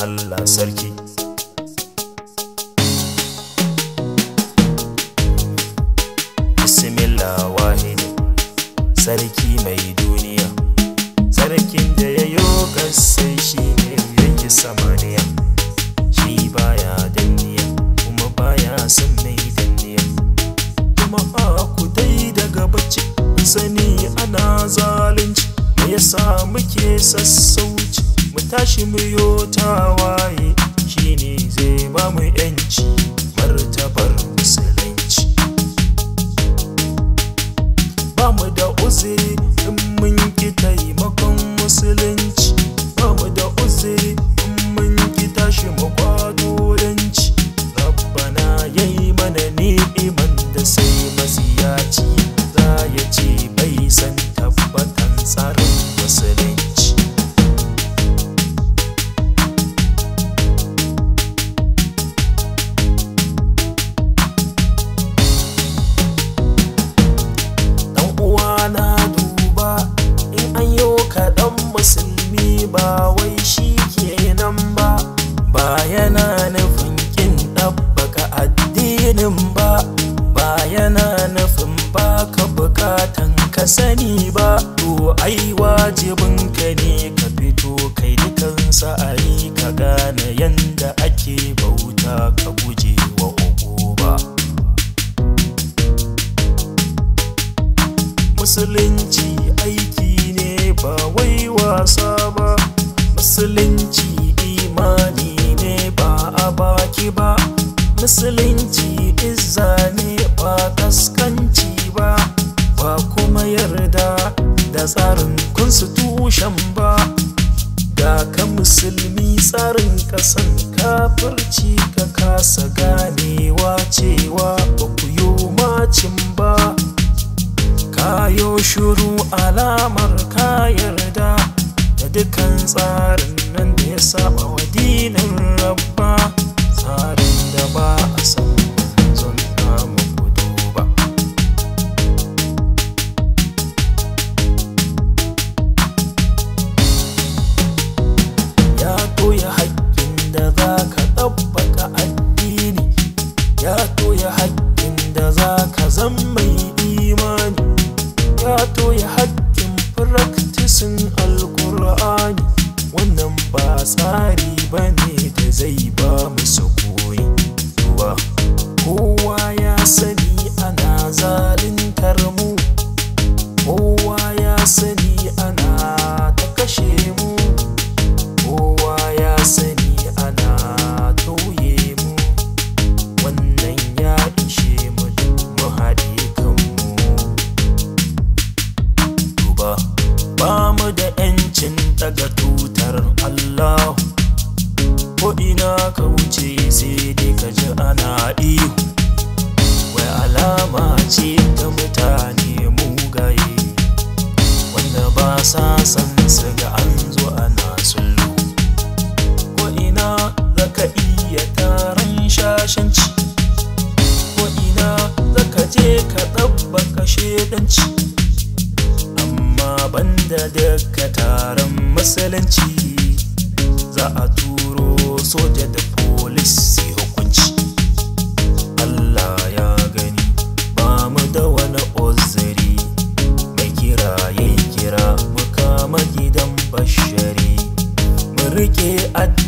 Allah sarki Bismillah wahidi sarki mai duniya sarkin da ya kasai shi ne yake samaniya sa muke sassauci mu tashi mu yo tawaye shine zai ba mu yanci martabar musulunci ba mu da uzuri ba wai shi kenan ba ba yana nufin kin ɗabbaka addinin ba ba yana nufin ba ka bukatan ka sani ba to ai wajibin ka ne ka fito kai a yi ka gane yanda ake bauta ka guje wa uku ba musulunci aiki ne ba wai wasa ba musulunci imani ne ba a baki ba musulunci izza ne ba kaskanci ba ba kuma yarda da tsarin constitution ba ga ka musulmi tsarin kasan kafirci ka kasa ganewa cewa ba ku yi macin ba kayo shuru alamar kayar dukkan tsarin nan da ya saba wa dinin rabba Amo seu mace ce ta mutane mugaye wanda ba sa san su ga an zo ana sullu ko ina za ka iya taron shashanci ko ina za ka je ka ɗabbaka shedanci amma banda da ka taron matsalanci za a turo soja bashari mu rike addini